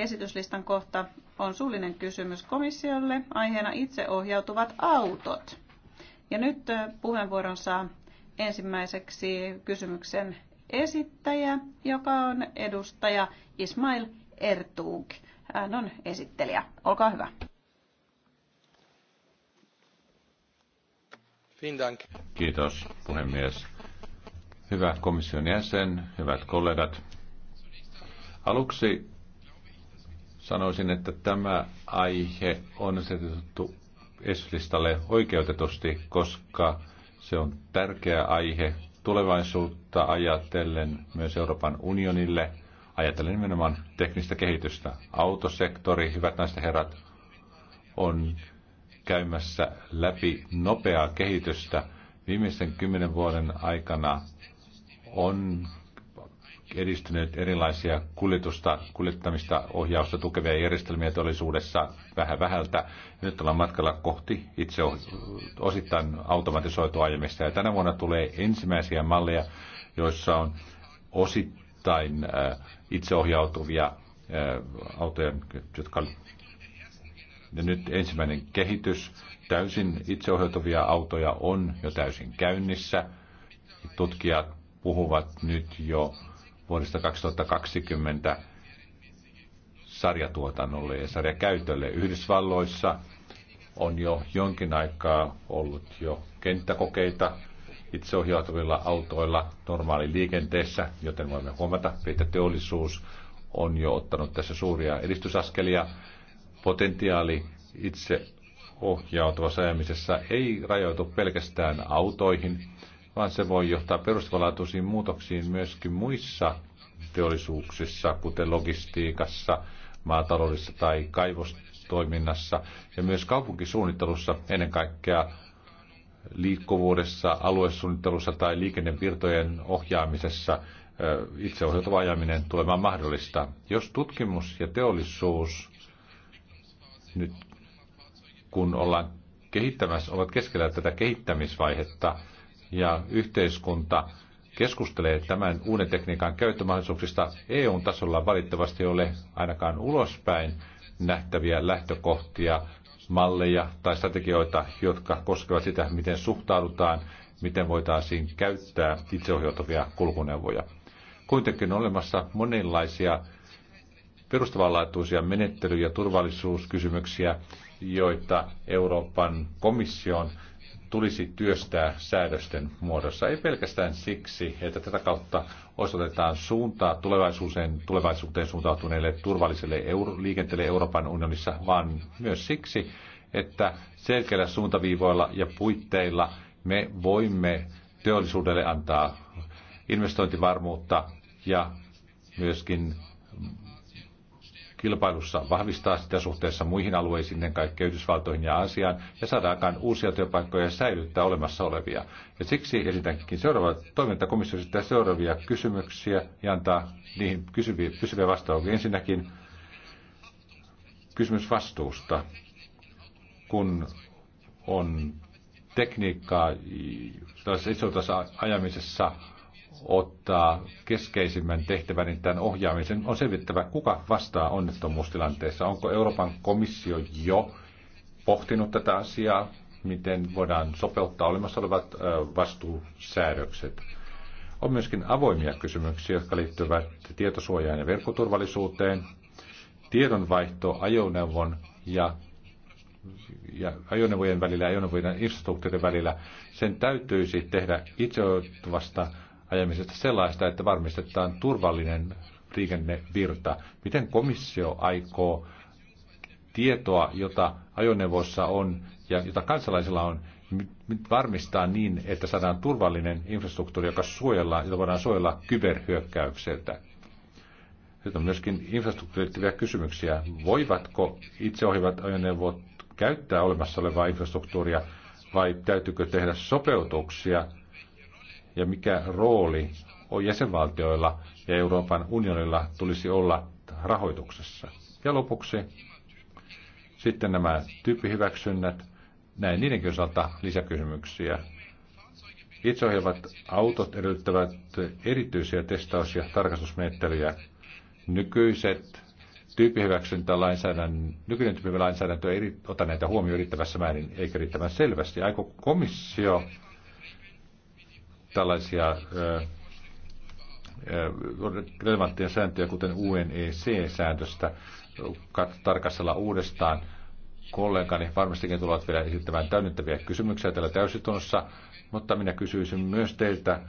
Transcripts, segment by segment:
Esityslistan kohta on suullinen kysymys komissiolle, aiheena itseohjautuvat autot. Ja nyt puheenvuoron saa ensimmäiseksi kysymyksen esittäjä, joka on edustaja Ismail Ertug. Hän on esittelijä. Olkaa hyvä. Kiitos puhemies. Hyvä komission jäsen, hyvät kollegat. Aluksi Sanoisin, että tämä aihe on asetettu eslistalle oikeutetusti, koska se on tärkeä aihe tulevaisuutta ajatellen myös Euroopan unionille, ajatellen nimenomaan teknistä kehitystä. Autosektori, hyvät naiset ja herrat, on käymässä läpi nopeaa kehitystä. Viimeisen kymmenen vuoden aikana on edistynyt erilaisia kuljetusta, kuljettamista, ohjausta tukevia järjestelmiä teollisuudessa vähän vähältä. Nyt ollaan matkalla kohti itse osittain automatisoitua ajamista. Ja tänä vuonna tulee ensimmäisiä malleja, joissa on osittain äh, itseohjautuvia äh, autoja, jotka ja nyt ensimmäinen kehitys. Täysin itseohjautuvia autoja on jo täysin käynnissä. Tutkijat puhuvat nyt jo vuodesta 2020 sarjatuotannolle ja sarjakäytölle. Yhdysvalloissa on jo jonkin aikaa ollut jo kenttäkokeita itseohjautuvilla autoilla normaali liikenteessä, joten voimme huomata, että teollisuus on jo ottanut tässä suuria edistysaskelia. Potentiaali itse ohjautuvassa ajamisessa ei rajoitu pelkästään autoihin, vaan se voi johtaa perustavanlaatuisiin muutoksiin myöskin muissa teollisuuksissa, kuten logistiikassa, maataloudessa tai kaivostoiminnassa ja myös kaupunkisuunnittelussa, ennen kaikkea liikkuvuudessa, aluesuunnittelussa tai liikennevirtojen ohjaamisessa itseohjautuva ajaminen tulemaan mahdollista. Jos tutkimus ja teollisuus nyt kun ollaan kehittämässä, ovat keskellä tätä kehittämisvaihetta, ja yhteiskunta keskustelee tämän uuden tekniikan käyttömahdollisuuksista EUn tasolla valitettavasti ole ainakaan ulospäin nähtäviä lähtökohtia, malleja tai strategioita, jotka koskevat sitä, miten suhtaudutaan, miten voitaisiin käyttää itseohjautuvia kulkuneuvoja. Kuitenkin on olemassa monenlaisia perustavanlaatuisia ja turvallisuuskysymyksiä, joita Euroopan komission tulisi työstää säädösten muodossa. Ei pelkästään siksi, että tätä kautta osoitetaan suuntaa tulevaisuuteen, tulevaisuuteen suuntautuneelle turvalliselle euro, liikenteelle Euroopan unionissa, vaan myös siksi, että selkeillä suuntaviivoilla ja puitteilla me voimme teollisuudelle antaa investointivarmuutta ja myöskin kilpailussa vahvistaa sitä suhteessa muihin alueisiin, ennen kaikkea Yhdysvaltoihin ja Aasiaan, ja saadaankaan uusia työpaikkoja ja säilyttää olemassa olevia. Ja siksi esitänkin seuraava toimintakomissio esittää seuraavia kysymyksiä ja antaa niihin kysyviä, pysyviä vastauksia. Ensinnäkin kysymys vastuusta, kun on tekniikkaa sellaisessa ajamisessa ottaa keskeisimmän tehtävän, niin tämän ohjaamisen on selvittävä, kuka vastaa onnettomuustilanteessa. Onko Euroopan komissio jo pohtinut tätä asiaa, miten voidaan sopeuttaa olemassa olevat vastuusäädökset. On myöskin avoimia kysymyksiä, jotka liittyvät tietosuojaan ja verkkoturvallisuuteen, tiedonvaihto ajoneuvon ja ja ajoneuvojen välillä ja ajoneuvojen infrastruktuurin välillä, sen täytyisi tehdä itseoittuvasta ajamisesta sellaista, että varmistetaan turvallinen liikennevirta. Miten komissio aikoo tietoa, jota ajoneuvossa on ja jota kansalaisilla on, varmistaa niin, että saadaan turvallinen infrastruktuuri, joka suojellaan, jota voidaan suojella kyberhyökkäykseltä. Nyt on myöskin infrastruktuurittavia kysymyksiä. Voivatko itseohjaavat ajoneuvot käyttää olemassa olevaa infrastruktuuria vai täytyykö tehdä sopeutuksia ja mikä rooli on jäsenvaltioilla ja Euroopan unionilla tulisi olla rahoituksessa. Ja lopuksi sitten nämä tyyppihyväksynnät, näin niidenkin osalta lisäkysymyksiä. Itseohjelmat autot edellyttävät erityisiä testaus- ja tarkastusmenettelyjä. Nykyiset tyyppihyväksyntälainsäädäntö, nykyinen tyyppihyväksyntälainsäädäntö ei ota näitä huomioon riittävässä määrin eikä riittävän selvästi. Aiko komissio tällaisia relevantteja sääntöjä, kuten unec sääntöstä tarkastella uudestaan. Kollegani varmastikin tulevat vielä esittämään täydentäviä kysymyksiä täällä täysitunnossa, mutta minä kysyisin myös teiltä,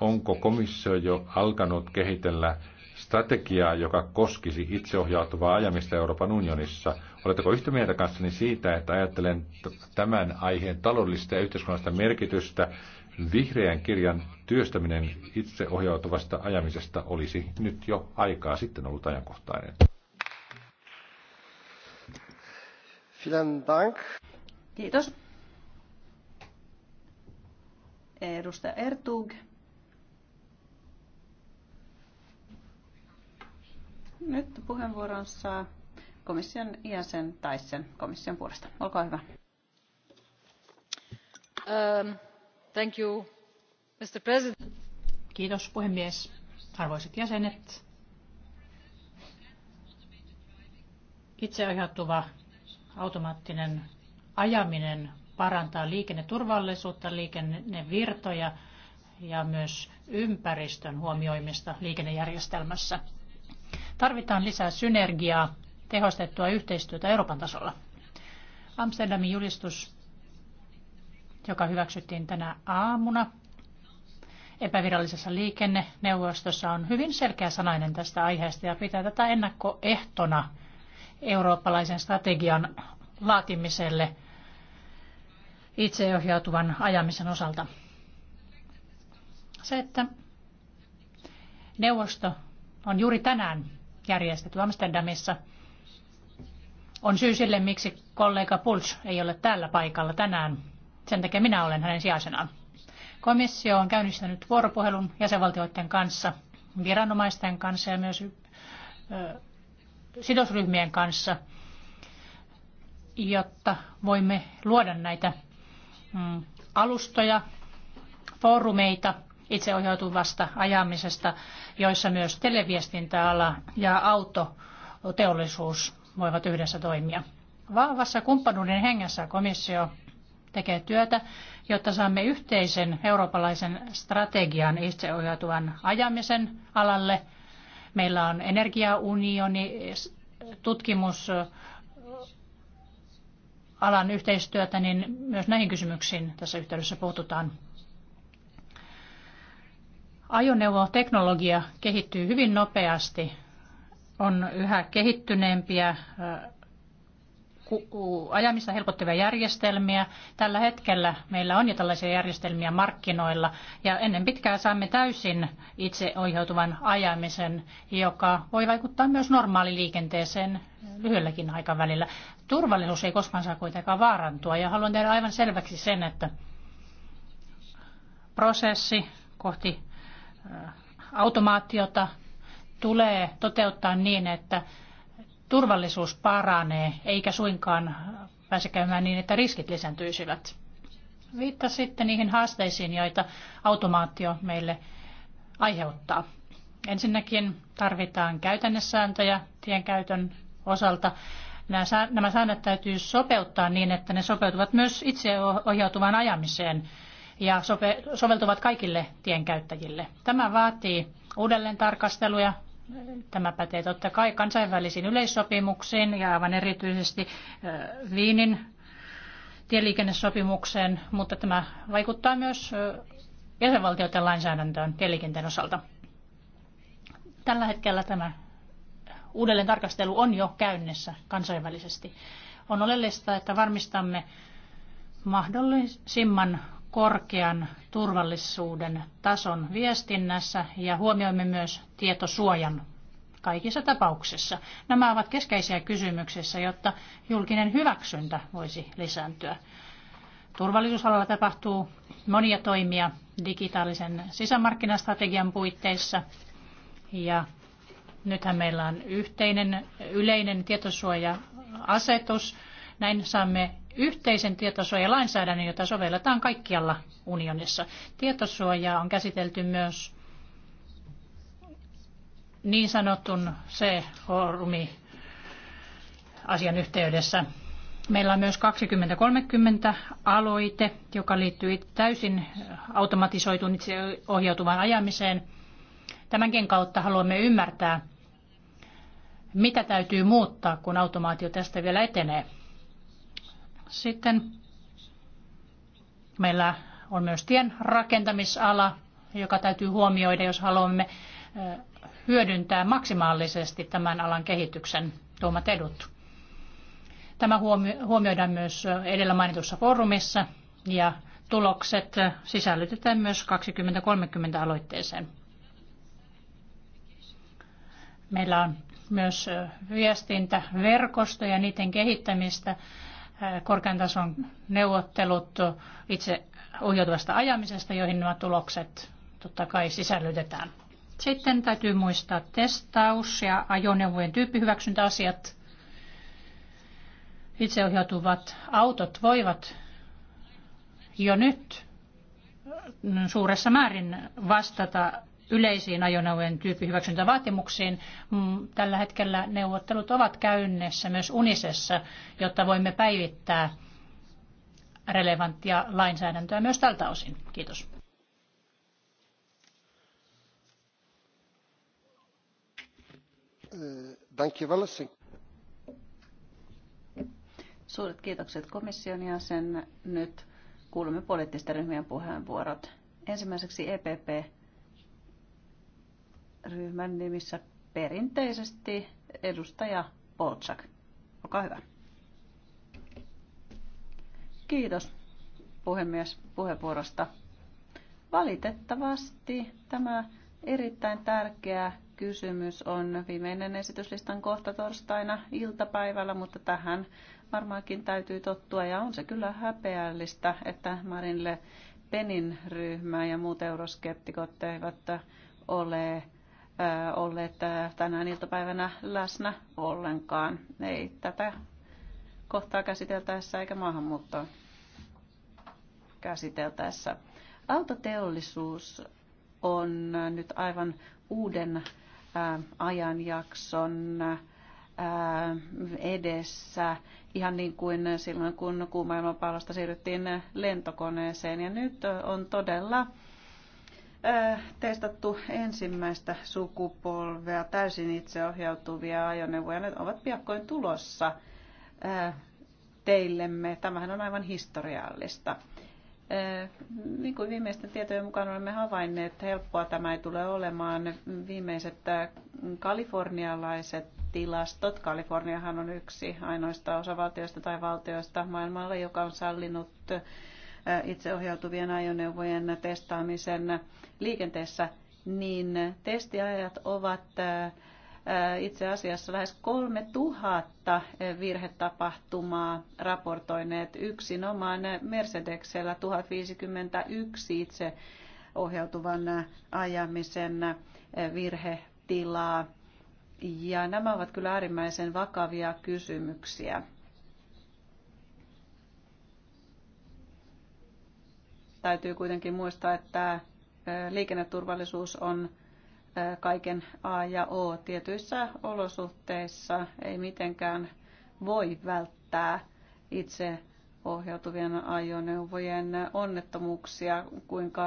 onko komissio jo alkanut kehitellä strategiaa, joka koskisi itseohjautuvaa ajamista Euroopan unionissa. Oletteko yhtä mieltä kanssani siitä, että ajattelen tämän aiheen taloudellista ja yhteiskunnallista merkitystä vihreän kirjan työstäminen itseohjautuvasta ajamisesta olisi nyt jo aikaa sitten ollut ajankohtainen. Kiitos. Edustaja Ertug. Nyt puheenvuoron saa komission jäsen Taisen komission puolesta. Olkaa hyvä. Ähm, Kiitos puhemies. Arvoisat jäsenet. Itseohjautuva automaattinen ajaminen parantaa liikenneturvallisuutta, liikennevirtoja ja myös ympäristön huomioimista liikennejärjestelmässä. Tarvitaan lisää synergiaa, tehostettua yhteistyötä Euroopan tasolla. Amsterdamin julistus joka hyväksyttiin tänä aamuna epävirallisessa liikenneneuvostossa, on hyvin selkeä sanainen tästä aiheesta ja pitää tätä ennakkoehtona eurooppalaisen strategian laatimiselle itseohjautuvan ajamisen osalta. Se, että neuvosto on juuri tänään järjestetty Amsterdamissa, on syy sille, miksi kollega Puls ei ole täällä paikalla tänään sen takia minä olen hänen sijaisenaan. Komissio on käynnistänyt vuoropuhelun jäsenvaltioiden kanssa, viranomaisten kanssa ja myös sidosryhmien kanssa, jotta voimme luoda näitä mm, alustoja, foorumeita itseohjautuvasta ajamisesta, joissa myös televiestintäala ja autoteollisuus voivat yhdessä toimia. Vahvassa kumppanuuden hengessä komissio tekee työtä, jotta saamme yhteisen eurooppalaisen strategian itseohjautuvan ajamisen alalle. Meillä on energiaunioni, tutkimus, alan yhteistyötä, niin myös näihin kysymyksiin tässä yhteydessä puututaan. Ajoneuvoteknologia kehittyy hyvin nopeasti. On yhä kehittyneempiä ajamista helpottavia järjestelmiä. Tällä hetkellä meillä on jo tällaisia järjestelmiä markkinoilla ja ennen pitkää saamme täysin itse ohjautuvan ajamisen, joka voi vaikuttaa myös normaaliliikenteeseen lyhyelläkin aikavälillä. Turvallisuus ei koskaan saa kuitenkaan vaarantua ja haluan tehdä aivan selväksi sen, että prosessi kohti automaatiota tulee toteuttaa niin, että turvallisuus paranee, eikä suinkaan pääse käymään niin, että riskit lisääntyisivät. sitten niihin haasteisiin, joita automaatio meille aiheuttaa. Ensinnäkin tarvitaan käytännössääntöjä tienkäytön osalta. Nämä säännöt täytyy sopeuttaa niin, että ne sopeutuvat myös itseohjautuvaan ajamiseen ja sope- soveltuvat kaikille tienkäyttäjille. Tämä vaatii uudelleen tarkasteluja, Tämä pätee totta kai kansainvälisiin yleissopimuksiin ja aivan erityisesti Viinin tieliikennesopimukseen, mutta tämä vaikuttaa myös jäsenvaltioiden lainsäädäntöön tieliikenteen osalta. Tällä hetkellä tämä uudelleen tarkastelu on jo käynnissä kansainvälisesti. On oleellista, että varmistamme mahdollisimman korkean turvallisuuden tason viestinnässä ja huomioimme myös tietosuojan kaikissa tapauksissa. Nämä ovat keskeisiä kysymyksissä, jotta julkinen hyväksyntä voisi lisääntyä. Turvallisuusalalla tapahtuu monia toimia digitaalisen sisämarkkinastrategian puitteissa ja nythän meillä on yhteinen yleinen tietosuoja-asetus. Näin saamme yhteisen tietosuojalainsäädännön, jota sovelletaan kaikkialla unionissa. Tietosuojaa on käsitelty myös niin sanotun C-foorumi asian yhteydessä. Meillä on myös 2030 aloite, joka liittyy täysin automatisoituun itse ohjautuvaan ajamiseen. Tämänkin kautta haluamme ymmärtää, mitä täytyy muuttaa, kun automaatio tästä vielä etenee. Sitten meillä on myös tien rakentamisala, joka täytyy huomioida, jos haluamme hyödyntää maksimaalisesti tämän alan kehityksen tuomat edut. Tämä huomioidaan myös edellä mainitussa foorumissa ja tulokset sisällytetään myös 2030 aloitteeseen. Meillä on myös viestintäverkostoja, niiden kehittämistä korkean tason neuvottelut itse ohjautuvasta ajamisesta, joihin nämä tulokset totta kai sisällytetään. Sitten täytyy muistaa testaus ja ajoneuvojen tyyppihyväksyntäasiat. Itseohjautuvat autot voivat jo nyt suuressa määrin vastata yleisiin ajoneuvojen tyyppihyväksyntävaatimuksiin. Mm, tällä hetkellä neuvottelut ovat käynnissä myös Unisessa, jotta voimme päivittää relevanttia lainsäädäntöä myös tältä osin. Kiitos. Suuret kiitokset komission ja sen nyt kuulemme poliittisten ryhmien puheenvuorot. Ensimmäiseksi EPP ryhmän nimissä perinteisesti edustaja Polczak. Olkaa hyvä. Kiitos puhemies puheenvuorosta. Valitettavasti tämä erittäin tärkeä kysymys on viimeinen esityslistan kohta torstaina iltapäivällä, mutta tähän varmaankin täytyy tottua ja on se kyllä häpeällistä, että Marinle Penin ryhmä ja muut euroskeptikot eivät ole olleet tänään iltapäivänä läsnä ollenkaan. Ei tätä kohtaa käsiteltäessä eikä maahanmuuttoa käsiteltäessä. Autoteollisuus on nyt aivan uuden ajanjakson edessä, ihan niin kuin silloin kun kuumaailmanpallosta siirryttiin lentokoneeseen. Ja nyt on todella Äh, testattu ensimmäistä sukupolvea täysin itseohjautuvia ajoneuvoja. Ne ovat piakkoin tulossa äh, teillemme. Tämähän on aivan historiallista. Äh, niin kuin viimeisten tietojen mukaan olemme havainneet, että helppoa tämä ei tule olemaan. Viimeiset kalifornialaiset tilastot. Kaliforniahan on yksi ainoista osavaltioista tai valtioista maailmalla, joka on sallinut itseohjautuvien ajoneuvojen testaamisen liikenteessä, niin testiajat ovat itse asiassa lähes 3000 virhetapahtumaa raportoineet yksinomaan Mercedesellä 1051 itse ohjautuvan ajamisen virhetilaa. Ja nämä ovat kyllä äärimmäisen vakavia kysymyksiä. Täytyy kuitenkin muistaa, että liikenneturvallisuus on kaiken A ja O. Tietyissä olosuhteissa ei mitenkään voi välttää itse ohjautuvien ajoneuvojen onnettomuuksia, kuinka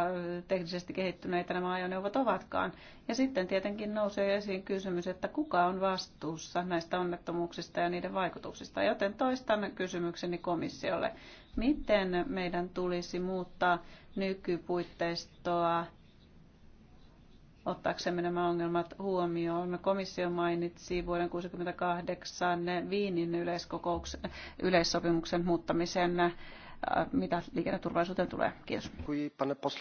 teknisesti kehittyneitä nämä ajoneuvot ovatkaan. Ja sitten tietenkin nousee esiin kysymys, että kuka on vastuussa näistä onnettomuuksista ja niiden vaikutuksista. Joten toistan kysymykseni komissiolle. Miten meidän tulisi muuttaa nykypuitteistoa ottaaksemme nämä ongelmat huomioon. Komissio mainitsi vuoden 1968 Viinin yleiskokouksen, yleissopimuksen muuttamisen, äh, mitä liikenneturvallisuuteen tulee. Kiitos.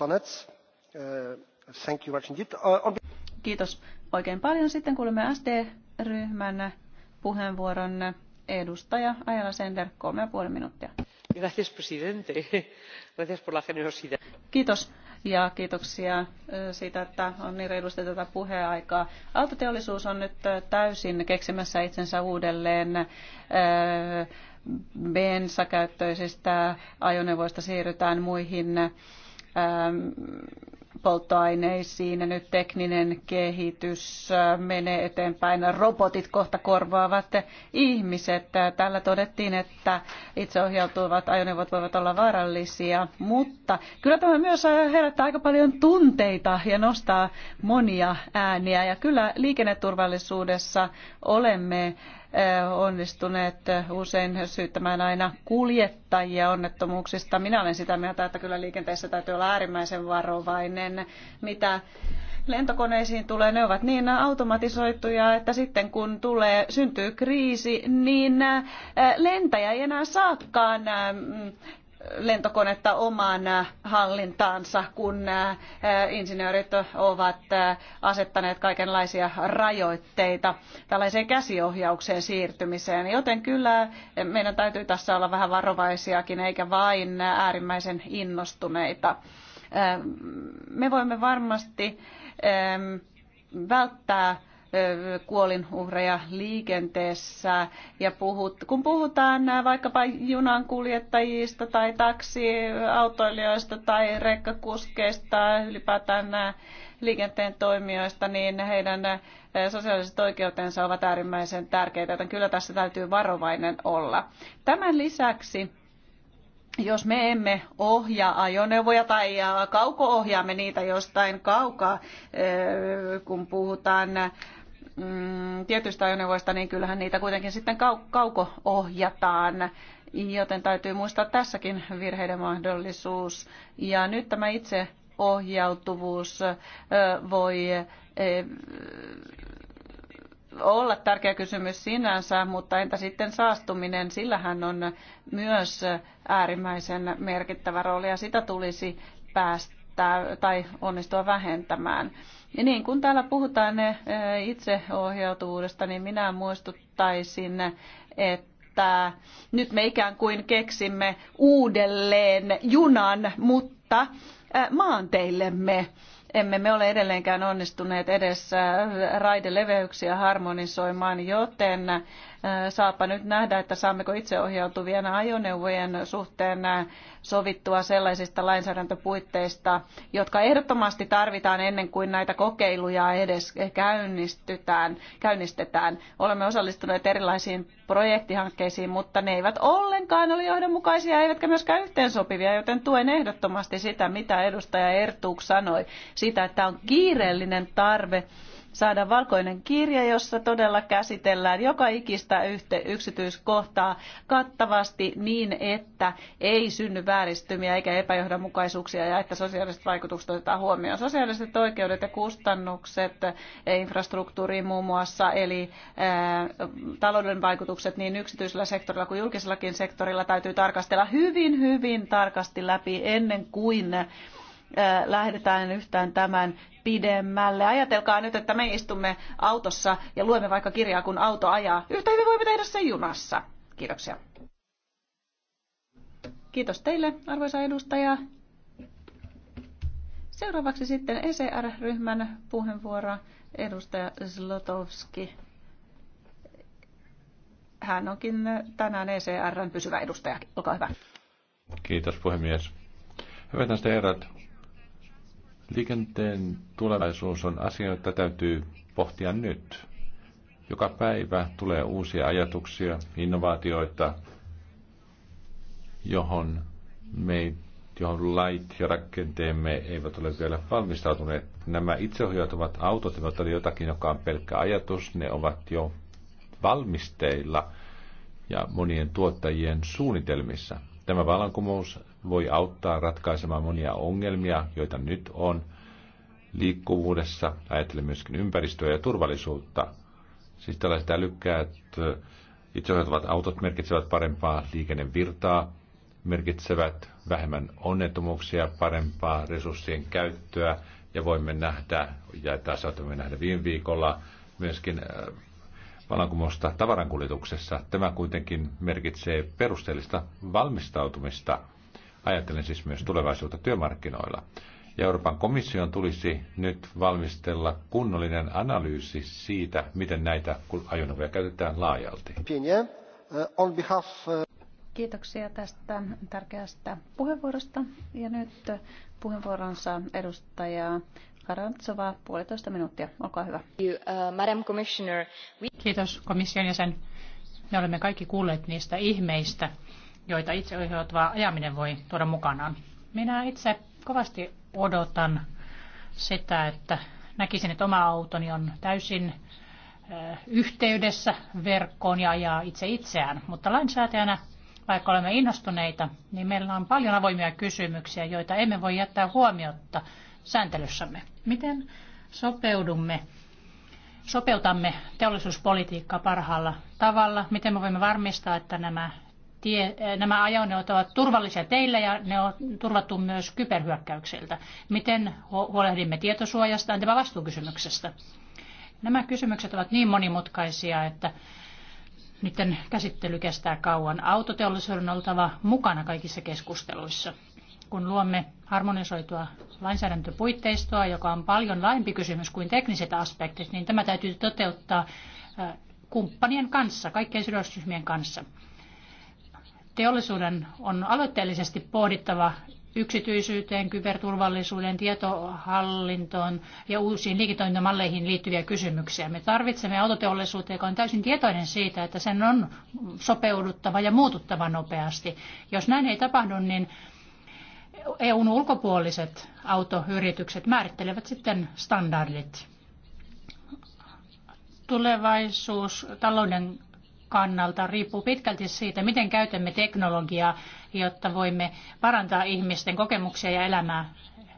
Eh, eh, Kiitos oikein paljon. Sitten kuulemme SD-ryhmän puheenvuoron edustaja Ajala Sender, kolme ja puoli minuuttia. Gracias, presidente. Gracias por la generosidad. Kiitos ja kiitoksia siitä, että on niin reilusti tätä puheaikaa. Autoteollisuus on nyt täysin keksimässä itsensä uudelleen bensakäyttöisistä ajoneuvoista siirrytään muihin polttoaineisiin ja nyt tekninen kehitys äh, menee eteenpäin. Robotit kohta korvaavat ihmiset. Täällä todettiin, että itseohjautuvat ajoneuvot voivat olla vaarallisia, mutta kyllä tämä myös äh, herättää aika paljon tunteita ja nostaa monia ääniä. Ja kyllä liikenneturvallisuudessa olemme onnistuneet usein syyttämään aina kuljettajia onnettomuuksista. Minä olen sitä mieltä, että kyllä liikenteessä täytyy olla äärimmäisen varovainen, mitä lentokoneisiin tulee, ne ovat niin automatisoituja, että sitten kun tulee, syntyy kriisi, niin lentäjä ei enää saakaan lentokonetta omaan äh, hallintaansa, kun äh, äh, insinöörit ovat asettaneet kaikenlaisia rajoitteita tällaiseen käsiohjaukseen siirtymiseen. Joten kyllä meidän täytyy tässä olla vähän varovaisiakin, eikä vain äärimmäisen innostuneita. Me voimme varmasti ähm, välttää kuolinuhreja liikenteessä. Ja puhut, kun puhutaan vaikkapa junankuljettajista tai taksiautoilijoista tai rekkakuskeista, ylipäätään nämä liikenteen toimijoista, niin heidän sosiaaliset oikeutensa ovat äärimmäisen tärkeitä, joten kyllä tässä täytyy varovainen olla. Tämän lisäksi jos me emme ohjaa ajoneuvoja tai kauko-ohjaamme niitä jostain kaukaa, kun puhutaan mm, tietyistä ajoneuvoista, niin kyllähän niitä kuitenkin sitten kau- kauko-ohjataan. Joten täytyy muistaa tässäkin virheiden mahdollisuus. Ja nyt tämä itse ohjautuvuus voi olla tärkeä kysymys sinänsä, mutta entä sitten saastuminen? Sillähän on myös äärimmäisen merkittävä rooli ja sitä tulisi päästä tai onnistua vähentämään. Ja niin kuin täällä puhutaan eh, eh, itseohjautuvuudesta, niin minä muistuttaisin, että nyt me ikään kuin keksimme uudelleen junan, mutta eh, maanteillemme emme me ole edelleenkään onnistuneet edes raideleveyksiä harmonisoimaan, joten Saapa nyt nähdä, että saammeko itseohjautuvien ajoneuvojen suhteen sovittua sellaisista lainsäädäntöpuitteista, jotka ehdottomasti tarvitaan ennen kuin näitä kokeiluja edes käynnistetään. käynnistetään. Olemme osallistuneet erilaisiin projektihankkeisiin, mutta ne eivät ollenkaan ole johdonmukaisia eivätkä myöskään yhteensopivia, joten tuen ehdottomasti sitä, mitä edustaja Ertuuk sanoi, sitä, että on kiireellinen tarve saada valkoinen kirja, jossa todella käsitellään joka ikistä yksityiskohtaa kattavasti niin, että ei synny vääristymiä eikä epäjohdonmukaisuuksia ja että sosiaaliset vaikutukset otetaan huomioon. Sosiaaliset oikeudet ja kustannukset eh, infrastruktuuriin muun muassa, eli ää, eh, talouden vaikutukset niin yksityisellä sektorilla kuin julkisellakin sektorilla täytyy tarkastella hyvin, hyvin tarkasti läpi ennen kuin Äh, lähdetään yhtään tämän pidemmälle. Ajatelkaa nyt, että me istumme autossa ja luemme vaikka kirjaa, kun auto ajaa. Yhtä hyvin voimme tehdä sen junassa. Kiitoksia. Kiitos teille, arvoisa edustaja. Seuraavaksi sitten ECR-ryhmän puheenvuoro edustaja Zlotowski. Hän onkin tänään ECRn pysyvä edustaja. Olkaa hyvä. Kiitos puhemies. Hyvät naiset herrat, Liikenteen tulevaisuus on asia, jota täytyy pohtia nyt. Joka päivä tulee uusia ajatuksia, innovaatioita, johon, me, johon lait ja rakenteemme eivät ole vielä valmistautuneet. Nämä itseohjautuvat autot eivät ole jotakin, joka on pelkkä ajatus. Ne ovat jo valmisteilla ja monien tuottajien suunnitelmissa. Tämä vallankumous voi auttaa ratkaisemaan monia ongelmia, joita nyt on liikkuvuudessa. Ajattelen myöskin ympäristöä ja turvallisuutta. Siis tällaiset älykkäät itseohjautuvat autot merkitsevät parempaa liikennevirtaa, merkitsevät vähemmän onnettomuuksia, parempaa resurssien käyttöä ja voimme nähdä, ja taas saatamme nähdä viime viikolla myöskin valankumousta tavarankuljetuksessa. Tämä kuitenkin merkitsee perusteellista valmistautumista – Ajatellen siis myös tulevaisuutta työmarkkinoilla. Ja Euroopan komission tulisi nyt valmistella kunnollinen analyysi siitä, miten näitä ajoneuvoja käytetään laajalti. Uh, Kiitoksia tästä tärkeästä puheenvuorosta. Ja nyt puheenvuoronsa edustaja Karantsova, puolitoista minuuttia. Olkaa hyvä. Uh, Kiitos komission jäsen. Me olemme kaikki kuulleet niistä ihmeistä, joita itse ohjautuva ajaminen voi tuoda mukanaan. Minä itse kovasti odotan sitä, että näkisin, että oma autoni on täysin eh, yhteydessä verkkoon ja ajaa itse itseään. Mutta lainsäätäjänä, vaikka olemme innostuneita, niin meillä on paljon avoimia kysymyksiä, joita emme voi jättää huomiotta sääntelyssämme. Miten sopeudumme, sopeutamme teollisuuspolitiikkaa parhaalla tavalla? Miten me voimme varmistaa, että nämä tie, nämä ajoneuvot ovat turvallisia teillä ja ne on turvattu myös kyberhyökkäyksiltä. Miten huolehdimme tietosuojasta? Entäpä vastuukysymyksestä? Nämä kysymykset ovat niin monimutkaisia, että niiden käsittely kestää kauan. Autoteollisuuden on oltava mukana kaikissa keskusteluissa. Kun luomme harmonisoitua lainsäädäntöpuitteistoa, joka on paljon laajempi kysymys kuin tekniset aspektit, niin tämä täytyy toteuttaa kumppanien kanssa, kaikkien sidosryhmien kanssa. Teollisuuden on aloitteellisesti pohdittava yksityisyyteen, kyberturvallisuuden, tietohallintoon ja uusiin liiketoimintamalleihin liittyviä kysymyksiä. Me tarvitsemme autoteollisuutta, joka on täysin tietoinen siitä, että sen on sopeuduttava ja muututtava nopeasti. Jos näin ei tapahdu, niin EUn ulkopuoliset autoyritykset määrittelevät sitten standardit. Tulevaisuus talouden kannalta riippuu pitkälti siitä, miten käytämme teknologiaa, jotta voimme parantaa ihmisten kokemuksia ja elämää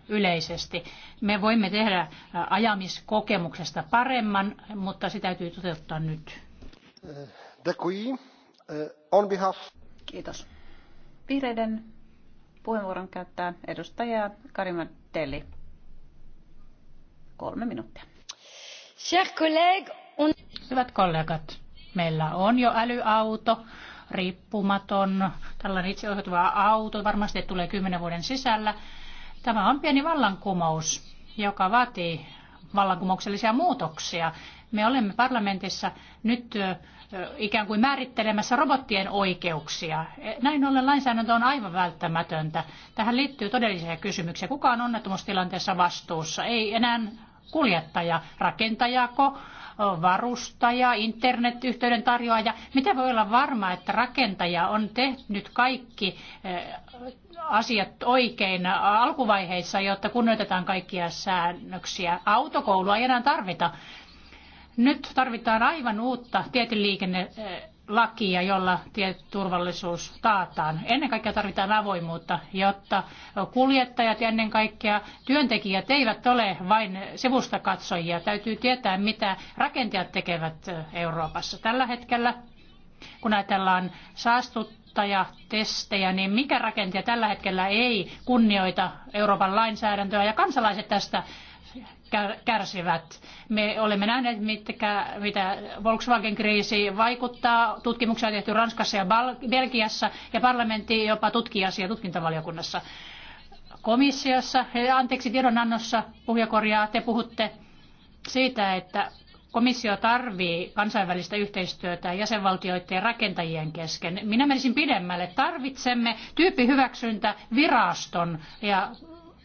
yleisesti. Me voimme tehdä ajamiskokemuksesta paremman, mutta se täytyy toteuttaa nyt. Eh, on behalf... Kiitos. Vihreiden puheenvuoron käyttää edustaja Karima Deli. Kolme minuuttia. Chers collègues, on... Hyvät kollegat, Meillä on jo älyauto, riippumaton, tällainen itseohjautuva auto, varmasti tulee kymmenen vuoden sisällä. Tämä on pieni vallankumous, joka vaatii vallankumouksellisia muutoksia. Me olemme parlamentissa nyt ikään kuin määrittelemässä robottien oikeuksia. E, näin ollen lainsäädäntö on aivan välttämätöntä. Tähän liittyy todellisia kysymyksiä. Kuka on onnettomuustilanteessa vastuussa? Ei enää kuljettaja, rakentajako, varustaja, internetyhteyden tarjoaja. Mitä voi olla varma, että rakentaja on tehnyt kaikki eh, asiat oikein alkuvaiheissa, jotta kunnioitetaan kaikkia säännöksiä? Autokoulua ei enää tarvita. Nyt tarvitaan aivan uutta tietoliikennettä eh, lakia, jolla tieturvallisuus taataan. Ennen kaikkea tarvitaan avoimuutta, jotta kuljettajat ja ennen kaikkea työntekijät eivät ole vain sivustakatsojia. katsojia. Täytyy tietää, mitä rakentajat tekevät Euroopassa tällä hetkellä. Kun ajatellaan saastuttajatestejä, niin mikä rakentaja tällä hetkellä ei kunnioita Euroopan lainsäädäntöä ja kansalaiset tästä kärsivät. Me olemme nähneet, mitkä, mitä Volkswagen-kriisi vaikuttaa. Tutkimuksia on tehty Ranskassa ja Belgiassa ja parlamentti jopa tutkii asiaa tutkintavaliokunnassa. Komissiossa, anteeksi tiedonannossa, puhujakorjaa, te puhutte siitä, että komissio tarvii kansainvälistä yhteistyötä jäsenvaltioiden ja rakentajien kesken. Minä menisin pidemmälle. Tarvitsemme tyyppihyväksyntä viraston ja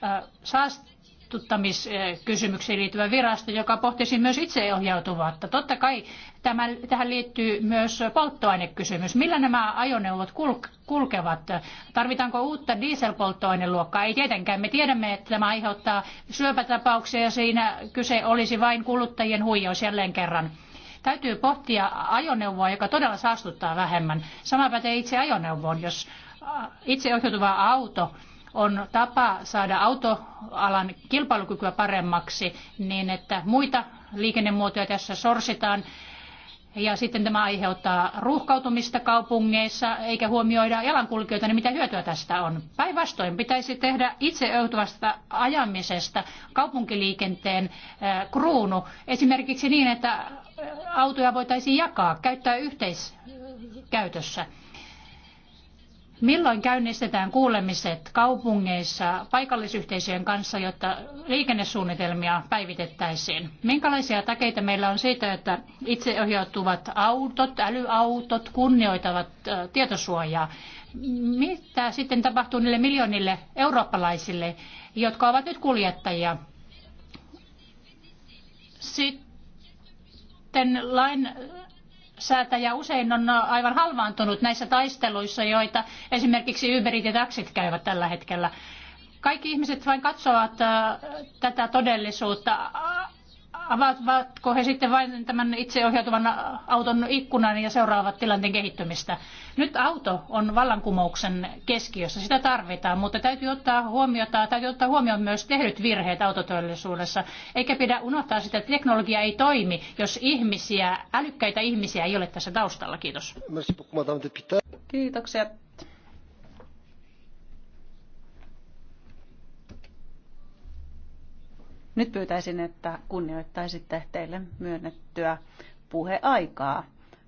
äh, saast vaikuttamiskysymyksiin liittyvä virasto, joka pohtisi myös itseohjautuvuutta. Totta kai tämän, tähän liittyy myös polttoainekysymys. Millä nämä ajoneuvot kulkevat? Tarvitaanko uutta dieselpolttoaineluokkaa? Ei tietenkään. Me tiedämme, että tämä aiheuttaa syöpätapauksia ja siinä kyse olisi vain kuluttajien huijaus jälleen kerran. Täytyy pohtia ajoneuvoa, joka todella saastuttaa vähemmän. Sama pätee itse ajoneuvoon, jos itseohjautuva auto on tapa saada autoalan kilpailukykyä paremmaksi niin, että muita liikennemuotoja tässä sorsitaan. Ja sitten tämä aiheuttaa ruuhkautumista kaupungeissa, eikä huomioida jalankulkijoita, niin mitä hyötyä tästä on? Päinvastoin pitäisi tehdä itse ajamisesta kaupunkiliikenteen eh, kruunu, esimerkiksi niin, että eh, autoja voitaisiin jakaa, käyttää yhteiskäytössä. Milloin käynnistetään kuulemiset kaupungeissa paikallisyhteisöjen kanssa, jotta liikennesuunnitelmia päivitettäisiin? Minkälaisia takeita meillä on siitä, että itseohjautuvat autot, älyautot kunnioitavat tietosuojaa? Mitä sitten tapahtuu niille miljoonille eurooppalaisille, jotka ovat nyt kuljettajia? Sitten lain säätäjä usein on aivan halvaantunut näissä taisteluissa, joita esimerkiksi Uberit ja taksit käyvät tällä hetkellä. Kaikki ihmiset vain katsovat äh, tätä todellisuutta. Avaavatko he sitten vain tämän itseohjautuvan auton ikkunan ja seuraavat tilanteen kehittymistä? Nyt auto on vallankumouksen keskiössä, sitä tarvitaan, mutta täytyy ottaa, huomiota, täytyy ottaa huomioon myös tehdyt virheet autoteollisuudessa. Eikä pidä unohtaa sitä, että teknologia ei toimi, jos ihmisiä, älykkäitä ihmisiä ei ole tässä taustalla. Kiitos. Kiitoksia. Nyt pyytäisin, että kunnioittaisitte teille myönnettyä puheaikaa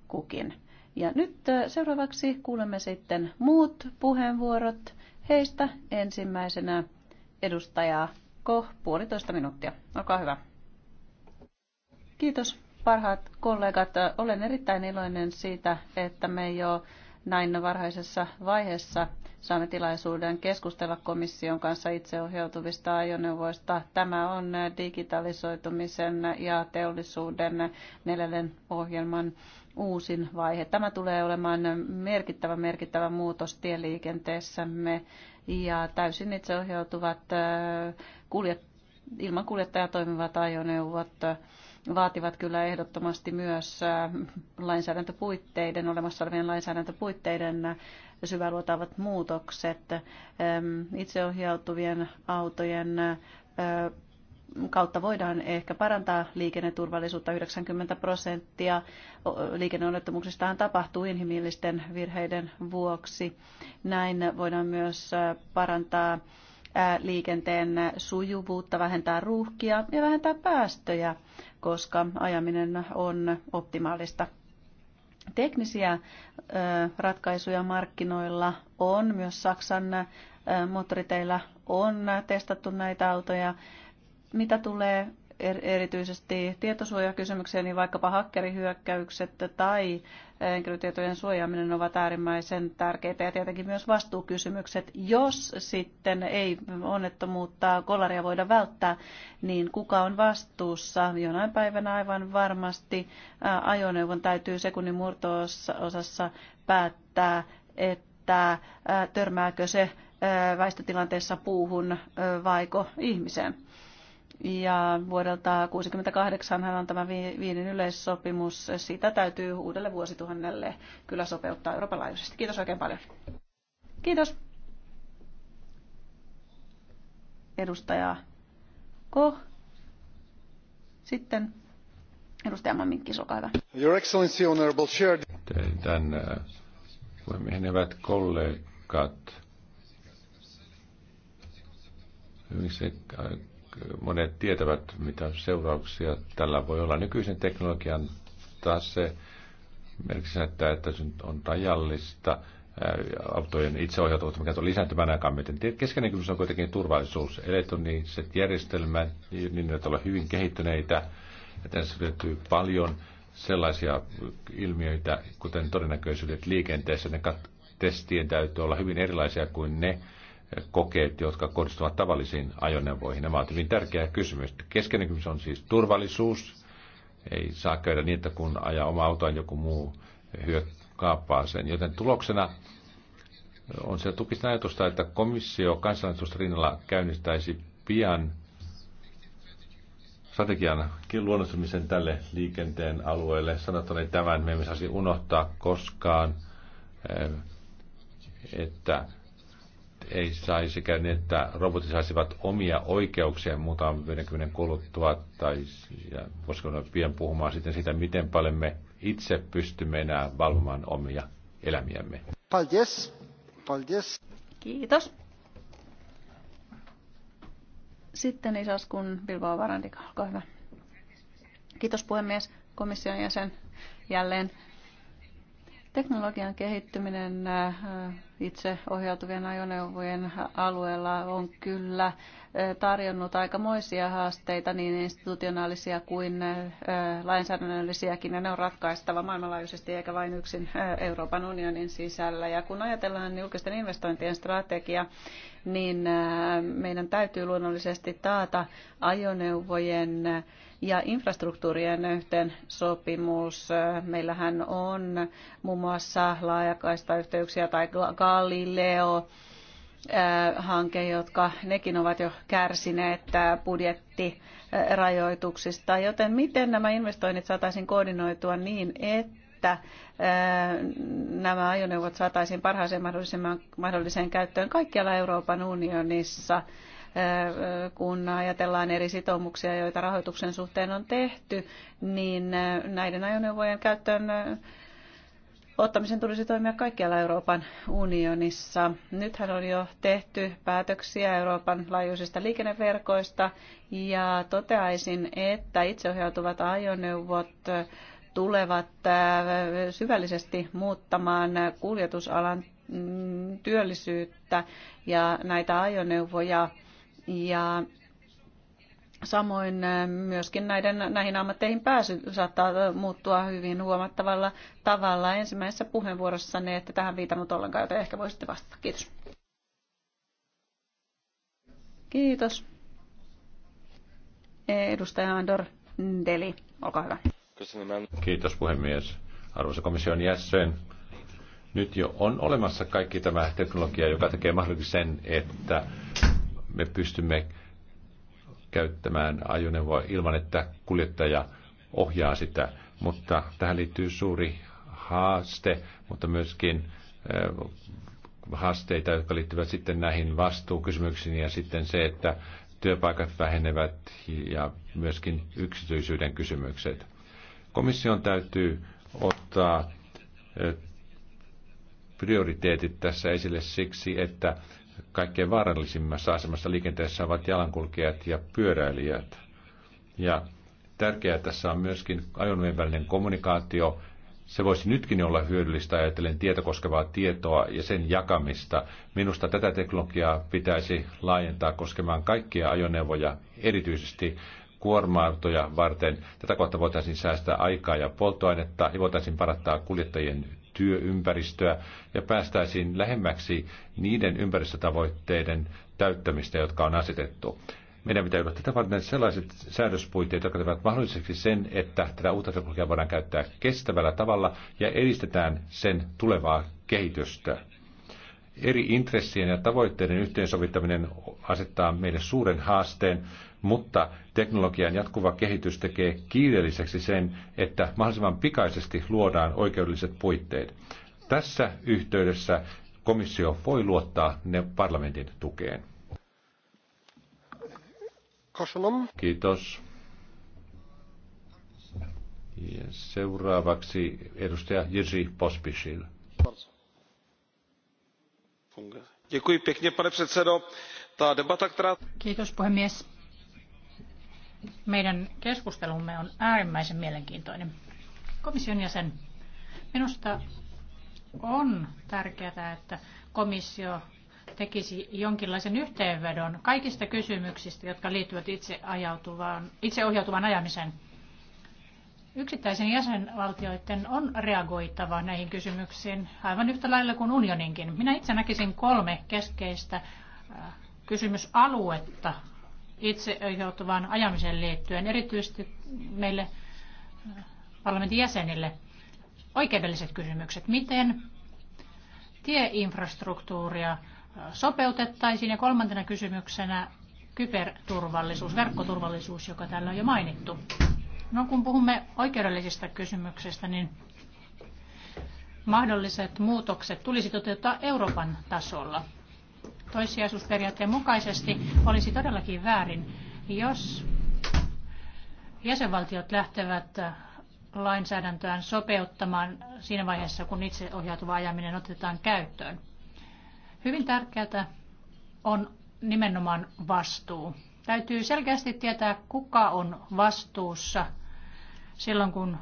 kukin. Ja nyt seuraavaksi kuulemme sitten muut puheenvuorot. Heistä ensimmäisenä edustajaa Koh, puolitoista minuuttia. Olkaa hyvä. Kiitos parhaat kollegat. Olen erittäin iloinen siitä, että me jo näin varhaisessa vaiheessa saamme tilaisuuden keskustella komission kanssa itseohjautuvista ajoneuvoista. Tämä on digitalisoitumisen ja teollisuuden neljännen ohjelman uusin vaihe. Tämä tulee olemaan merkittävä, merkittävä muutos tieliikenteessämme ja täysin itseohjautuvat äh, kuljet, ilman kuljettaja toimivat ajoneuvot vaativat kyllä ehdottomasti myös äh, lainsäädäntöpuitteiden, olemassa olevien lainsäädäntöpuitteiden äh, syväluotaavat muutokset ähm, itseohjautuvien autojen äh, kautta voidaan ehkä parantaa liikenneturvallisuutta 90 prosenttia. Liikenneonnettomuuksistahan tapahtuu inhimillisten virheiden vuoksi. Näin voidaan myös äh, parantaa äh, liikenteen sujuvuutta, vähentää ruuhkia ja vähentää päästöjä, koska ajaminen on optimaalista teknisiä ratkaisuja markkinoilla on. Myös Saksan moottoriteillä on testattu näitä autoja. Mitä tulee Er-, erityisesti tietosuojakysymyksiä, niin vaikkapa hakkerihyökkäykset tai henkilötietojen suojaaminen ovat äärimmäisen tärkeitä ja tietenkin myös vastuukysymykset. Jos sitten ei onnettomuutta kolaria voida välttää, niin kuka on vastuussa? Jonain päivänä aivan varmasti ajoneuvon täytyy sekunnin murto-osassa päättää, että törmääkö se väistötilanteessa puuhun vaiko ihmiseen. Ja vuodelta 1968 hän on tämä Viinin yleissopimus. Sitä täytyy uudelle vuosituhannelle kyllä sopeuttaa Euroopan laajuisesti. Kiitos oikein paljon. Kiitos. Edustaja Ko. Sitten edustaja Mamminkki, olkaa hyvä. Your Excellency, Honorable Chair. Teidän äh, puhemiehen hyvät kollegat monet tietävät, mitä seurauksia tällä voi olla. Nykyisen teknologian taas se merkiksi näyttää, että se on rajallista autojen itseohjautuvuutta, mikä on lisääntymään aikaan. Miten keskeinen kysymys on kuitenkin turvallisuus. Elektroniset järjestelmät, niin ne ovat hyvin kehittyneitä. Ja tässä löytyy paljon sellaisia ilmiöitä, kuten todennäköisyydet liikenteessä. Ne testien täytyy olla hyvin erilaisia kuin ne, kokeet, jotka kohdistuvat tavallisiin ajoneuvoihin. Nämä ovat hyvin tärkeä kysymys. Keskeinen kysymys on siis turvallisuus. Ei saa käydä niin, että kun ajaa oma autoaan, niin joku muu hyökkaappaa sen. Joten tuloksena on se tukista ajatusta, että komissio kansanäänestys rinnalla käynnistäisi pian strategian luonnostumisen tälle liikenteen alueelle. että tämän me emme saisi unohtaa koskaan, eh, että ei saisi käydä niin, että robotit saisivat omia oikeuksia muutaman 50 kuluttua, tai ja voisiko noin pian puhumaan sitten siitä, miten paljon me itse pystymme enää valvomaan omia elämiämme. Paldies. Paldies. Kiitos. Sitten isäskun Bilbao Varandika, olkaa hyvä. Kiitos puhemies, komission jäsen jälleen Teknologian kehittyminen äh, itse ohjautuvien ajoneuvojen alueella on kyllä äh, tarjonnut aikamoisia haasteita, niin institutionaalisia kuin äh, lainsäädännöllisiäkin, ja ne on ratkaistava maailmanlaajuisesti eikä vain yksin Euroopan unionin sisällä. Ja kun ajatellaan julkisten investointien strategia, niin meidän täytyy luonnollisesti taata ajoneuvojen ja infrastruktuurien yhteensopimus. Meillähän on muun muassa laajakaistayhteyksiä tai Galileo äh, hanke, jotka nekin ovat jo kärsineet äh, budjettirajoituksista. Äh, Joten miten nämä investoinnit saataisiin koordinoitua niin, että että nämä ajoneuvot saataisiin parhaaseen mahdolliseen käyttöön kaikkialla Euroopan unionissa kun ajatellaan eri sitoumuksia, joita rahoituksen suhteen on tehty, niin näiden ajoneuvojen käyttöön ottamisen tulisi toimia kaikkialla Euroopan unionissa. Nythän on jo tehty päätöksiä Euroopan laajuisista liikenneverkoista ja toteaisin, että itseohjautuvat ajoneuvot tulevat äh, syvällisesti muuttamaan kuljetusalan mm, työllisyyttä ja näitä ajoneuvoja ja Samoin äh, myöskin näiden, näihin ammatteihin pääsy saattaa äh, muuttua hyvin huomattavalla tavalla. Ensimmäisessä puheenvuorossanne että tähän viitannut ollenkaan, joten ehkä voisitte vastata. Kiitos. Kiitos. Edustaja Andor Deli, olkaa hyvä. Kiitos puhemies. Arvoisa komission jäsen, nyt jo on olemassa kaikki tämä teknologia, joka tekee mahdollisesti sen, että me pystymme käyttämään ajoneuvoa ilman, että kuljettaja ohjaa sitä. Mutta tähän liittyy suuri haaste, mutta myöskin äh, haasteita, jotka liittyvät sitten näihin vastuukysymyksiin ja sitten se, että työpaikat vähenevät ja myöskin yksityisyyden kysymykset. Komission täytyy ottaa äh, prioriteetit tässä esille siksi, että kaikkein vaarallisimmassa asemassa liikenteessä ovat jalankulkijat ja pyöräilijät. Ja tärkeää tässä on myöskin ajoneuvojen välinen kommunikaatio. Se voisi nytkin olla hyödyllistä ajatellen tietokoskevaa koskevaa tietoa ja sen jakamista. Minusta tätä teknologiaa pitäisi laajentaa koskemaan kaikkia ajoneuvoja, erityisesti kuorma-autoja varten. Tätä kautta voitaisiin säästää aikaa ja polttoainetta ja voitaisiin parantaa kuljettajien työympäristöä ja päästäisiin lähemmäksi niiden ympäristötavoitteiden täyttämistä, jotka on asetettu. Meidän pitää olla tätä varten sellaiset säädöspuitteet, jotka tekevät mahdolliseksi sen, että tätä uutta teknologiaa voidaan käyttää kestävällä tavalla ja edistetään sen tulevaa kehitystä. Eri intressien ja tavoitteiden yhteensovittaminen asettaa meille suuren haasteen, mutta teknologian jatkuva kehitys tekee kiireelliseksi sen, että mahdollisimman pikaisesti luodaan oikeudelliset puitteet. Tässä yhteydessä komissio voi luottaa ne parlamentin tukeen. Kiitos. Ja seuraavaksi edustaja Jerzy Pospisil. Kiitos, puhemies meidän keskustelumme on äärimmäisen mielenkiintoinen. Komission jäsen, minusta on tärkeää, että komissio tekisi jonkinlaisen yhteenvedon kaikista kysymyksistä, jotka liittyvät itse, ajautuvaan, itse ohjautuvaan ajamiseen. Yksittäisen jäsenvaltioiden on reagoitava näihin kysymyksiin aivan yhtä lailla kuin unioninkin. Minä itse näkisin kolme keskeistä äh, kysymysaluetta itse aiheutuvaan ajamiseen liittyen, erityisesti meille äh, parlamentin jäsenille. Oikeudelliset kysymykset, miten tieinfrastruktuuria äh, sopeutettaisiin ja kolmantena kysymyksenä kyberturvallisuus, verkkoturvallisuus, joka täällä on jo mainittu. No kun puhumme oikeudellisista kysymyksistä, niin mahdolliset muutokset tulisi toteuttaa Euroopan tasolla toissijaisuusperiaatteen mukaisesti olisi todellakin väärin, jos jäsenvaltiot lähtevät lainsäädäntöään sopeuttamaan siinä vaiheessa, kun itseohjautuva ajaminen otetaan käyttöön. Hyvin tärkeää on nimenomaan vastuu. Täytyy selkeästi tietää, kuka on vastuussa silloin, kun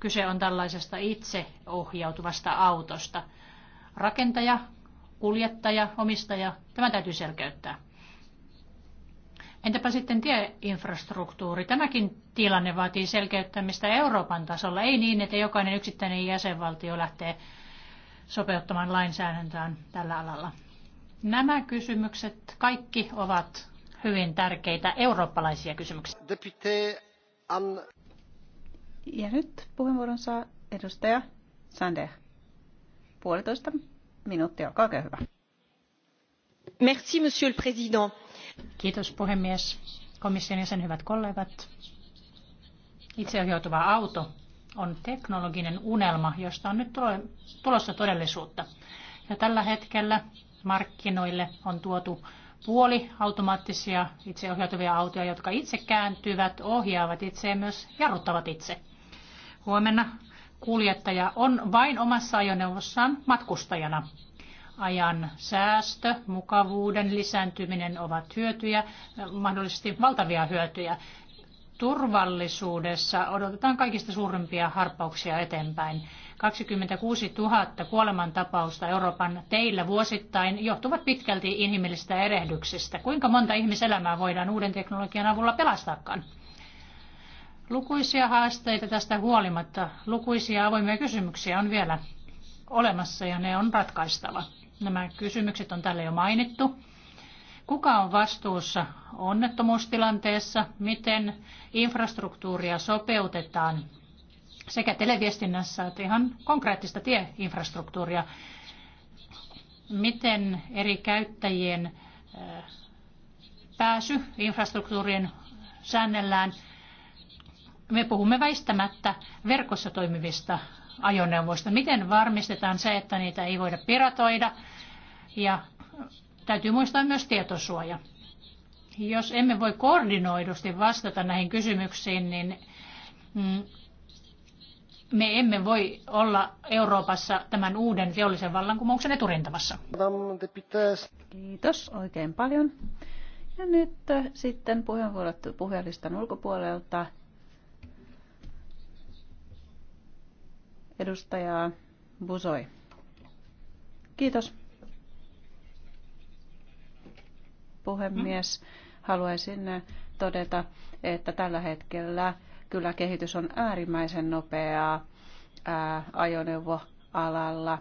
kyse on tällaisesta itseohjautuvasta autosta. Rakentaja kuljettaja, omistaja. Tämä täytyy selkeyttää. Entäpä sitten tieinfrastruktuuri? Tämäkin tilanne vaatii selkeyttämistä Euroopan tasolla. Ei niin, että jokainen yksittäinen jäsenvaltio lähtee sopeuttamaan lainsäädäntöään tällä alalla. Nämä kysymykset kaikki ovat hyvin tärkeitä eurooppalaisia kysymyksiä. Ja nyt puheenvuoron saa edustaja Sander. Puolitoista Minuutti, olkaa oikein hyvä. Merci, monsieur le président. Kiitos puhemies. Komission jäsen, hyvät kollegat. Itseohjautuva auto on teknologinen unelma, josta on nyt tulossa todellisuutta. Ja tällä hetkellä markkinoille on tuotu puoli automaattisia itseohjautuvia autoja, jotka itse kääntyvät, ohjaavat itse ja myös jarruttavat itse. Huomenna kuljettaja on vain omassa ajoneuvossaan matkustajana. Ajan säästö, mukavuuden lisääntyminen ovat hyötyjä, mahdollisesti valtavia hyötyjä. Turvallisuudessa odotetaan kaikista suurimpia harppauksia eteenpäin. 26 000 kuolemantapausta Euroopan teillä vuosittain johtuvat pitkälti inhimillisistä erehdyksistä. Kuinka monta ihmiselämää voidaan uuden teknologian avulla pelastaakaan? Lukuisia haasteita tästä huolimatta, lukuisia avoimia kysymyksiä on vielä olemassa ja ne on ratkaistava. Nämä kysymykset on tälle jo mainittu. Kuka on vastuussa onnettomuustilanteessa? Miten infrastruktuuria sopeutetaan sekä televiestinnässä että ihan konkreettista tieinfrastruktuuria? Miten eri käyttäjien pääsy infrastruktuurien säännellään – me puhumme väistämättä verkossa toimivista ajoneuvoista. Miten varmistetaan se, että niitä ei voida piratoida? Ja täytyy muistaa myös tietosuoja. Jos emme voi koordinoidusti vastata näihin kysymyksiin, niin mm, me emme voi olla Euroopassa tämän uuden teollisen vallankumouksen eturintamassa. Kiitos oikein paljon. Ja nyt sitten puheenvuorot puhelistan ulkopuolelta. edustajaa Busoi. Kiitos. Puhemies, haluaisin todeta, että tällä hetkellä kyllä kehitys on äärimmäisen nopeaa ajoneuvoalalla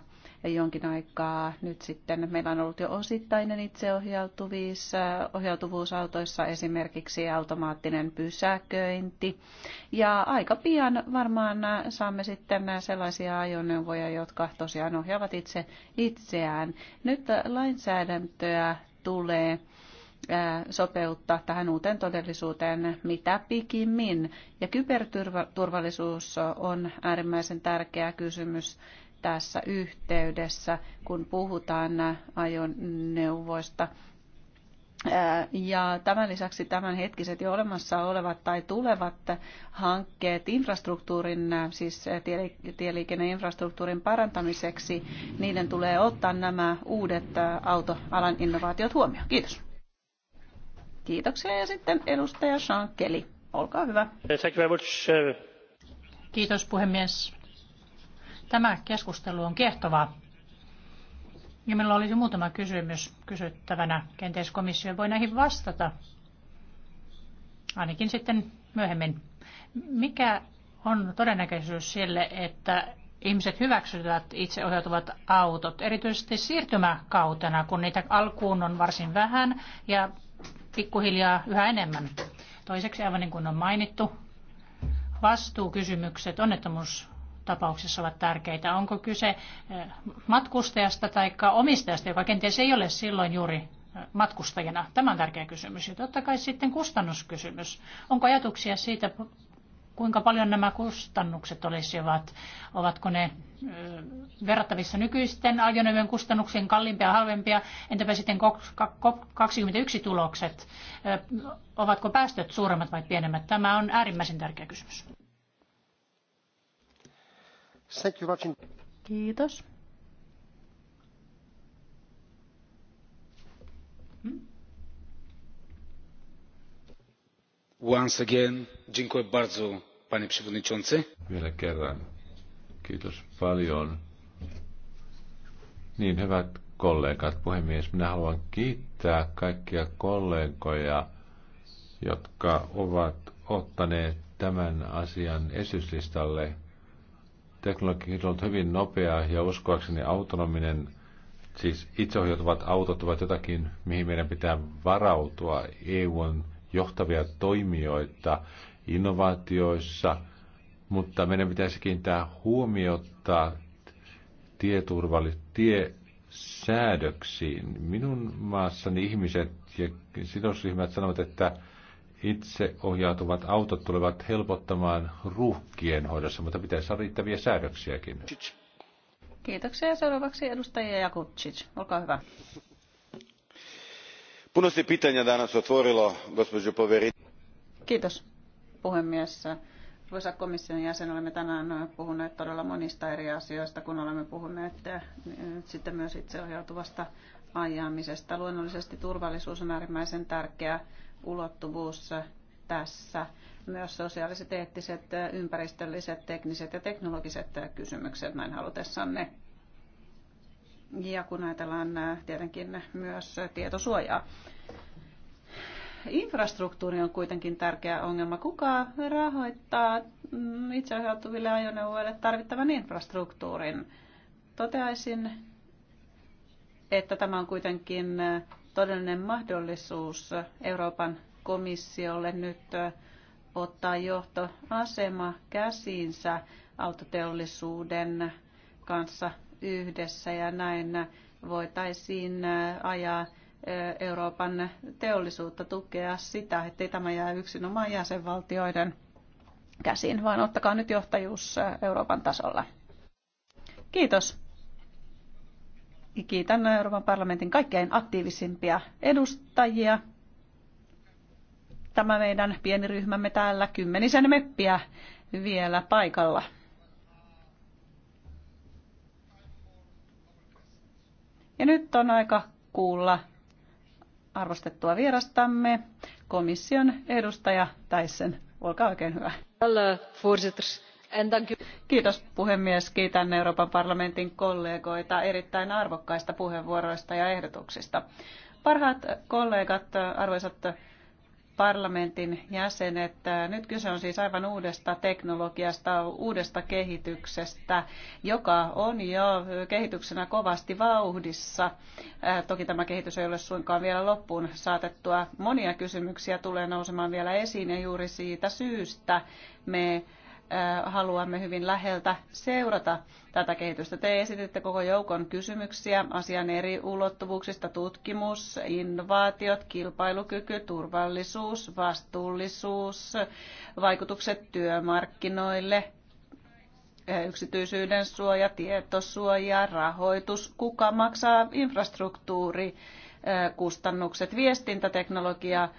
jonkin aikaa. Nyt sitten meillä on ollut jo osittainen itseohjautuvuus ohjautuvuusautoissa esimerkiksi automaattinen pysäköinti. Ja aika pian varmaan saamme sitten sellaisia ajoneuvoja, jotka tosiaan ohjaavat itse itseään. Nyt lainsäädäntöä tulee sopeuttaa tähän uuteen todellisuuteen mitä pikimmin. Ja kyberturvallisuus on äärimmäisen tärkeä kysymys tässä yhteydessä, kun puhutaan ajoneuvoista. Ja tämän lisäksi tämänhetkiset jo olemassa olevat tai tulevat hankkeet infrastruktuurin, siis tieliikenneinfrastruktuurin parantamiseksi, niiden tulee ottaa nämä uudet autoalan innovaatiot huomioon. Kiitos. Kiitoksia ja sitten edustaja Sankeli, Kelly. Olkaa hyvä. Uh, Kiitos puhemies. Tämä keskustelu on kiehtovaa. Ja meillä olisi muutama kysymys kysyttävänä. Kenties komissio voi näihin vastata, ainakin sitten myöhemmin. Mikä on todennäköisyys sille, että ihmiset hyväksyvät itseohjautuvat autot, erityisesti siirtymäkautena, kun niitä alkuun on varsin vähän ja pikkuhiljaa yhä enemmän. Toiseksi, aivan niin kuin on mainittu, vastuukysymykset, onnettomuus tapauksessa ovat tärkeitä. Onko kyse eh, matkustajasta tai omistajasta, joka kenties ei ole silloin juuri eh, matkustajana? Tämä on tärkeä kysymys. Ja totta kai sitten kustannuskysymys. Onko ajatuksia siitä, kuinka paljon nämä kustannukset olisivat? Ovatko ne eh, verrattavissa nykyisten ajoneuvojen kustannuksiin kalliimpia, halvempia? Entäpä sitten 21 tulokset? Ovatko päästöt suuremmat vai pienemmät? Tämä on äärimmäisen tärkeä kysymys. Kiitos. Once again, dziękuję bardzo, panie przewodniczący. Vielä kerran. Kiitos paljon. Niin, hyvät kollegat, puhemies, minä haluan kiittää kaikkia kollegoja, jotka ovat ottaneet tämän asian esityslistalle teknologia on ollut hyvin nopea ja uskoakseni autonominen, siis itseohjautuvat autot ovat jotakin, mihin meidän pitää varautua. EU on johtavia toimijoita innovaatioissa, mutta meidän pitäisi kiinnittää huomiota tieturvalli- tiesäädöksiin. Minun maassani ihmiset ja sidosryhmät sanovat, että itse ohjautuvat, autot tulevat helpottamaan ruuhkien hoidossa, mutta pitäisi olla riittäviä säädöksiäkin. Kiitoksia. Seuraavaksi edustaja Jakutsic. Olkaa hyvä. Puno se pitanja danas otvorilo, gospođo Kiitos, puhemies. Arvoisa komission jäsen, olemme tänään puhuneet todella monista eri asioista, kun olemme puhuneet eh, sitten myös itseohjautuvasta ajamisesta. Luonnollisesti turvallisuus on äärimmäisen tärkeä ulottuvuus tässä. Myös sosiaaliset, eettiset, ympäristölliset, tekniset ja teknologiset kysymykset näin halutessanne. Ja kun ajatellaan äh, tietenkin myös tietosuojaa. Infrastruktuuri on kuitenkin tärkeä ongelma. Kuka rahoittaa mm, itse ajoneuvoille tarvittavan infrastruktuurin? Toteaisin, että tämä on kuitenkin äh, todellinen mahdollisuus Euroopan komissiolle nyt ottaa johtoasema käsiinsä autoteollisuuden kanssa yhdessä ja näin voitaisiin ajaa Euroopan teollisuutta tukea sitä, ettei tämä jää yksin omaan jäsenvaltioiden käsiin, vaan ottakaa nyt johtajuus Euroopan tasolla. Kiitos. Kiitän Euroopan parlamentin kaikkein aktiivisimpia edustajia. Tämä meidän pieni ryhmämme täällä, kymmenisen meppiä vielä paikalla. Ja nyt on aika kuulla arvostettua vierastamme, komission edustaja Täissen. Olkaa oikein hyvä. Kiitos puhemies. Kiitän Euroopan parlamentin kollegoita erittäin arvokkaista puheenvuoroista ja ehdotuksista. Parhaat kollegat, arvoisat parlamentin jäsenet. Nyt kyse on siis aivan uudesta teknologiasta, uudesta kehityksestä, joka on jo kehityksenä kovasti vauhdissa. Toki tämä kehitys ei ole suinkaan vielä loppuun saatettua. Monia kysymyksiä tulee nousemaan vielä esiin ja juuri siitä syystä me haluamme hyvin läheltä seurata tätä kehitystä. Te esititte koko joukon kysymyksiä asian eri ulottuvuuksista, tutkimus, innovaatiot, kilpailukyky, turvallisuus, vastuullisuus, vaikutukset työmarkkinoille, yksityisyyden suoja, tietosuoja, rahoitus, kuka maksaa infrastruktuuri, kustannukset, viestintäteknologia,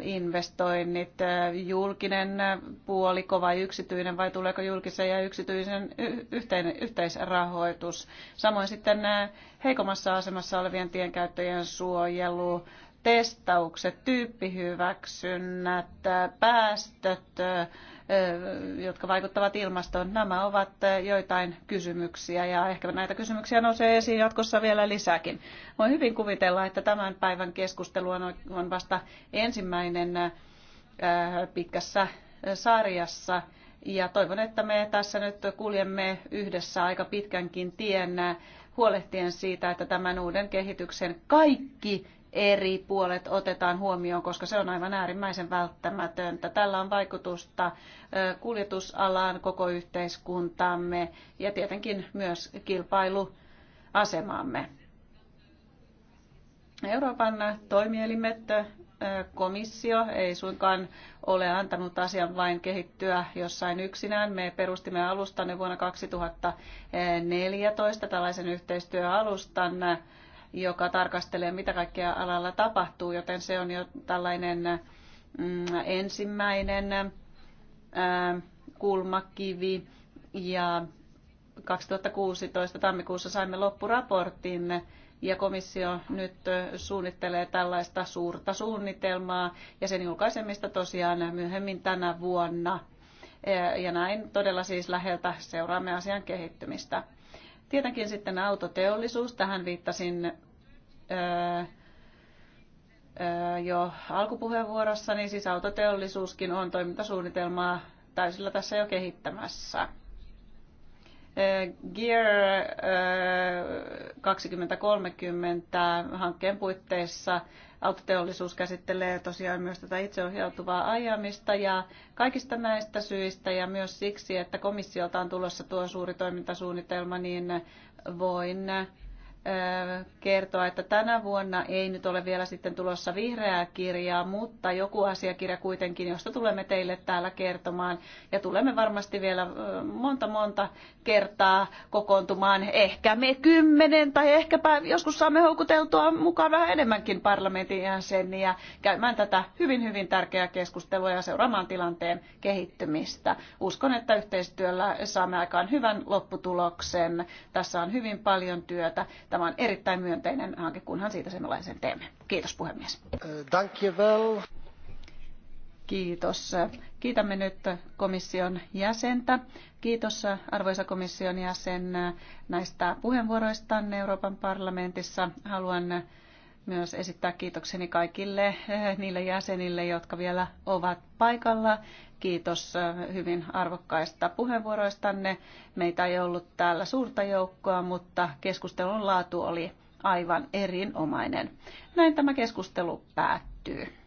investoinnit, julkinen puoli, kova yksityinen vai tuleeko julkisen ja yksityisen yhteinen, yhteisrahoitus. Samoin sitten heikommassa asemassa olevien tienkäyttäjien suojelu, testaukset, tyyppihyväksynnät, päästöt, jotka vaikuttavat ilmastoon. Nämä ovat joitain kysymyksiä ja ehkä näitä kysymyksiä nousee esiin jatkossa vielä lisääkin. Voin hyvin kuvitella, että tämän päivän keskustelu on vasta ensimmäinen pitkässä sarjassa. Ja toivon, että me tässä nyt kuljemme yhdessä aika pitkänkin tien huolehtien siitä, että tämän uuden kehityksen kaikki eri puolet otetaan huomioon, koska se on aivan äärimmäisen välttämätöntä. Tällä on vaikutusta kuljetusalaan, koko yhteiskuntaamme ja tietenkin myös kilpailuasemaamme. Euroopan toimielimet, komissio ei suinkaan ole antanut asian vain kehittyä jossain yksinään. Me perustimme alustanne vuonna 2014 tällaisen yhteistyöalustan joka tarkastelee, mitä kaikkea alalla tapahtuu, joten se on jo tällainen mm, ensimmäinen kulmakivi. Ja 2016 tammikuussa saimme loppuraportin ja komissio nyt suunnittelee tällaista suurta suunnitelmaa ja sen julkaisemista tosiaan myöhemmin tänä vuonna. Ja näin todella siis läheltä seuraamme asian kehittymistä. Tietenkin sitten autoteollisuus, tähän viittasin jo alkupuheenvuorossa, niin siis autoteollisuuskin on toimintasuunnitelmaa täysillä tässä jo kehittämässä. Gear 2030 hankkeen puitteissa autoteollisuus käsittelee tosiaan myös tätä itseohjautuvaa ajamista ja kaikista näistä syistä ja myös siksi, että komissiolta on tulossa tuo suuri toimintasuunnitelma, niin voin kertoa, että tänä vuonna ei nyt ole vielä sitten tulossa vihreää kirjaa, mutta joku asiakirja kuitenkin, josta tulemme teille täällä kertomaan. Ja tulemme varmasti vielä monta monta kertaa kokoontumaan, ehkä me kymmenen tai ehkäpä joskus saamme houkuteltua mukaan vähän enemmänkin parlamentin jäseniä käymään tätä hyvin hyvin tärkeää keskustelua ja seuraamaan tilanteen kehittymistä. Uskon, että yhteistyöllä saamme aikaan hyvän lopputuloksen. Tässä on hyvin paljon työtä Tämä on erittäin myönteinen hanke, kunhan siitä sellaisen teemme. Kiitos puhemies. Kiitos. Kiitämme nyt komission jäsentä. Kiitos arvoisa komission jäsen näistä puheenvuoroistanne Euroopan parlamentissa. Haluan myös esittää kiitokseni kaikille eh, niille jäsenille, jotka vielä ovat paikalla. Kiitos eh, hyvin arvokkaista puheenvuoroistanne. Meitä ei ollut täällä suurta joukkoa, mutta keskustelun laatu oli aivan erinomainen. Näin tämä keskustelu päättyy.